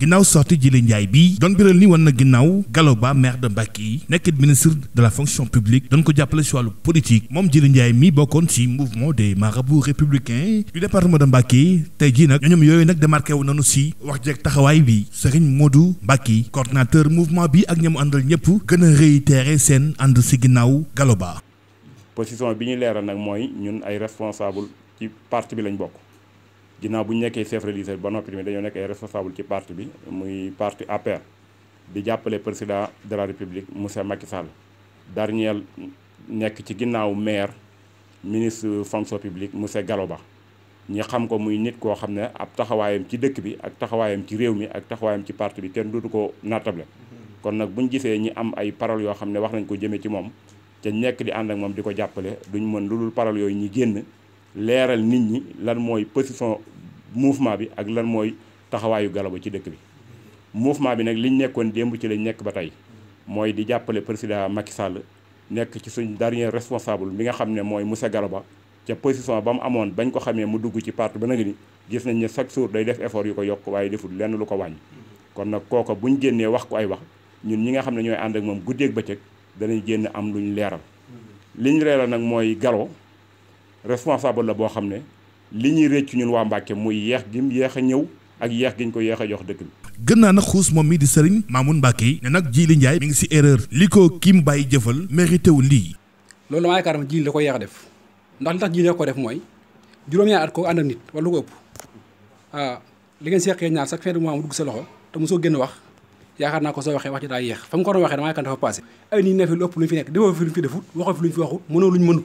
ginnaaw sorti Jili Njaay bi doon biral ni woon na ginnaaw Gallo Ba maire de Mbacké yi nekkit ministre de la fonction publique doon ko jàppale si wàllu politique moom Jili Njaay mi bokkoon ci mouvement des marabouts républicains du département de yi tey jii nag ñoom yooyu nag démarqué wu nanu si wax jeeg taxawaay bi Serigne Modou Mbacké coordinateur mouvement bi ak ñamu àndal ñëpp gën a teere seen ànd si ginnaaw Gallo Ba position bi ñu leeral nag mooy ñun ay responsable ci parti bi lañ bokk ginnaaw bu ñu nekkee chef religieux ba noppi tamit dañoo nekk ay responsable ci parti bi muy parti APR di jàppale président de la république monsieur Macky Sall dernier nekk ci ginnaaw maire ministre fonction publique monsieur Gallo Ba ñi xam ko muy nit koo xam ne ab taxawaayam ci dëkk bi ak taxawaayam ci réew mi ak taxawaayam ci parti bi kenn dootu ko nattable kon nag buñ gisee ñi am ay paroles yoo xam ne wax nañ ko jëmee ci moom te nekk di ànd ak moom di ko jàppale duñ mën lu dul yooyu ñi génn leeral nit ñi lan mooy position mouvement bi ak lan mooy taxawaayu Galabo ci dëkk bi mouvement bi nag liñ nekkoon démb ci lañ nekk ba tey mooy di jàppale président Macky Sall nekk ci suñ darnier responsable bi nga xam ne mooy monsieur Galaba ca position ba mu amoon bañ ko xamee mu dugg ci parti ba nag ni gis nañ ne chaque jour day def effort yu ko yokk waaye deful lenn lu ko wàññi. kon nag kooka buñ génnee wax ko ay wax ñun ñi nga xam ne ñooy ànd ak moom guddeeg bëccëg danañ génn am luñ leeral liñ leeral nag mooy Galo responsable la boo xam ne li ñuy réccu ñun waa Mbàkke muy yeex gi mu yeex a ñëw ak yeex gi ñu ko yeex a jox dëkk bi. gën naa nag xuus moom mii di Serigne Mamoun Mbacke ne nag li Ndiaye mi ngi si erreur li ko kii mu bàyyi jëfal mérité wu lii. loolu damaa yaakaar ne Djily da ko yeex a def ndax li tax Djily da ko def mooy juróom-ñaari at koo ànd ak nit wala lu ko ëpp ah li ngeen seqee ñaar chaque fin de dugg sa loxo te mu soo génn wax yaakaar naa ko soo lu ëpp lu ñu fi nekk defoo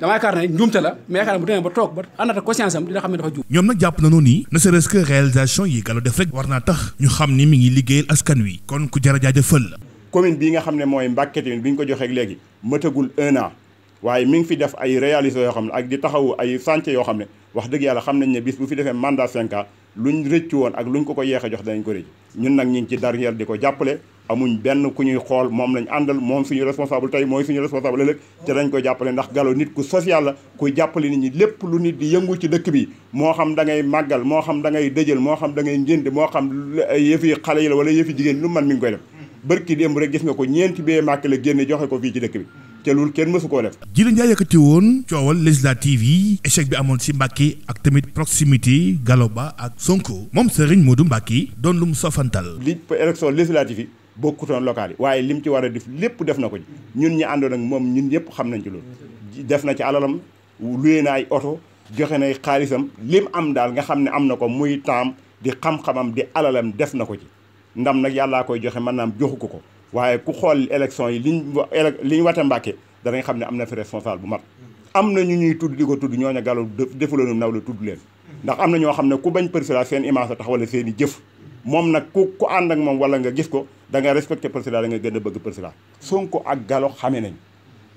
dama yaakaar ne njuumte la mais yaakaar ne bu demee ba toog ba àndata conscience dina xam ne dafa juum ñoom nag jàpp nañu ni ne serait-ce que réalisation yi Gallo def rek war naa tax ñu xam ni mi ngi liggéeyal askan wi kon ku jar a jaajëfal la commune bii nga xam ne mooy Mbàkke tamit bi ñu ko joxee léegi mëtagul un an waaye mi ngi fi def ay réalisation yoo xam ne ak di taxawu ay chantier yoo xam ne wax dëgg yàlla xam nañ ne bis bu fi defee mandat 5 ans luñ rëccu woon ak luñ ko ko yeex a jox dañ ko rëcc ñun nag ñu ngi ci dernier di ko jàppale amuñ benn ku ñuy xool moom lañ àndal moom suñu responsable tey mooy suñu responsable ëllëg te dañ ko jàppale ndax Gallo nit ku social la ku jàppale nit ñi lépp lu nit di yëngu ci dëkk bi moo xam da ngay màggal moo xam da ngay dëjël moo xam da ngay ngénte moo xam yëfi xale yi la wala yëfi jigéen lu man mi ngi koy def bërki démb rek gis nga ko ñeenti bee màkk la génne joxe ko fii ci dëkk bi te loolu kenn mësu koo def. Djily Ndiaye yëkkati woon coowal législative yi échec bi amoon ci Mbàkke ak tamit proximité Galoba ak Sonko moom Serigne Modou Mbàkke doon lu mu sofantal. li élection législative yi bokkutoon local yi waaye lim ci war a lépp def na ko ñun ñi àndoon ak moom ñun ñëpp xam nañ ci lool def na ci alalam luye na ay oto joxe nay xaalisam lim am daal nga xam ne am na ko muy taam di xam-xamam di alalam def na ko ci ndam nag yàllaa koy joxe maanaam joxu ko ko. waaye ku xool élection yi liñ li ñu wate Mbàkke danañ xam ne am na fi responsable bu mag am na ñu ñuy tudd di ko tudd ñoo ne Gallo defuloonum naw la tudd leen ndax am na ñoo xam ne ku bañ président seen image a tax wala seen i jëf moom nag ku ku ànd ak moom wala nga gis ko da nga respecté président da nga gën a bëgg président Sonko ak Gallo xamee nañ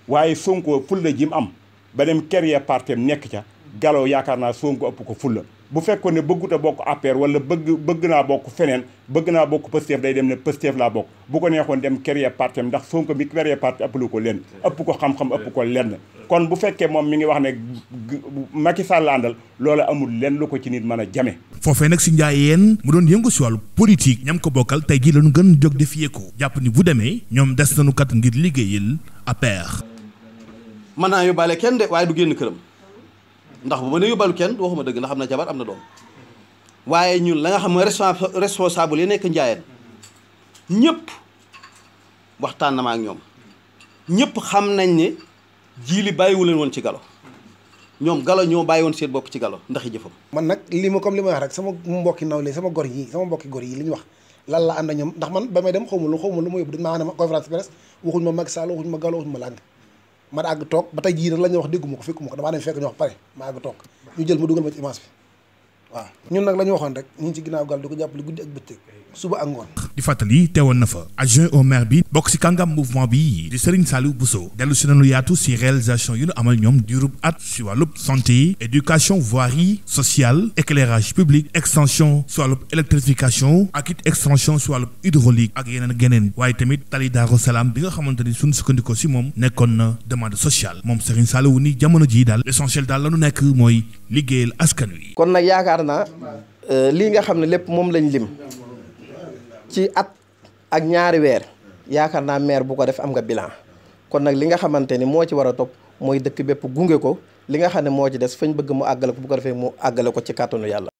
waaye Sonko ful la jim am ba dem créer parti am nekk ca Gallo yaakaar naa Sonko ëpp ko fulla bu fekkoon ne bëggut a bokk APR wala bëgg bëgg naa bokk feneen bëgg naa bokk Pastef day dem ne Pastef laa bokk bu ko neexoon dem créer parti am ndax Sonko mi créer parti ëppalu ko lenn ëpp ko xam-xam ëpp ko lenn kon bu fekkee moom mi ngi wax ne Macky Sall la àndal loola amul lenn lu ko ci nit man a jame foofee nag si njaayeen mu doon yëngu si wàllu politique ñam ko bokkal tey ji lañu gën jóg defiyee ko jàpp bu demee ñoom des nañu kat ngir liggéeyal APR mën naa yóbbaale kenn de waaye du génn këram ndax bu ma ne yóbbalu kenn waxuma dëgg ndax am na jabar am na doom waaye ñun la nga xam mooy responsable yi nekk njaayeen ñëpp waxtaan na ma ak ñoom ñëpp xam nañ ne jiili bàyyiwu leen woon ci galo ñoom galo ñoo bàyyi woon seen bopp ci galo ndax i jëfam. man nag li ma comme li ma wax rek sama mbokki nawle gor yi sama mbokki gor yi li ñu wax lan la ànd ak ñoom ndax man ba may dem xaw ma lu xaw ma lu ma yóbbu dañ maa ànd ma conférence presse waxuñ ma Macky Sall waxuñ ma galo ma àgg toog ba tey jii nag la ñu wax dégguma ko fekkuma ko damaa dem fekk ñu wax pare ma àgg toog ñu jël ma dugal ma ci bi waaw ñun nag la ñu waxoon rek ñu ngi ci ginnaaw gaal di ko jàppale guddi ak bëccëg suba ak ngoon. di fàttali teewoon na fa adjoint au maire bi bokk ci kàngam mouvement bi di Serigne Saliou Bousso dellu si nañu yaatu ci réalisation yu nu amal ñoom diirub at ci wàllub santé éducation voirie sociale éclairage public extension ci wàllub électrification ak it extension ci wàllub hydraulique ak yeneen geneen waaye tamit tali Daaru Salaam bi nga xamante ni suñu sukkandikoo ci moom nekkoon na demande sociale moom Serigne Saliou ni jamono jii daal l'essentiel daal la nekk mooy liggéeyal askan wi. yaakaar naa euh, lii nga xam ne lépp moom lañ lim ci at ak ñaari weer yaakaar naa maire bu ko def am nga bilan kon nag li nga xamante ni moo ci war a topp mooy dëkk bépp gunge ko li nga xam ne moo ci des fañ bëgg mu àggale ko bu ko defee mu àggale ko ci kàttanu yàlla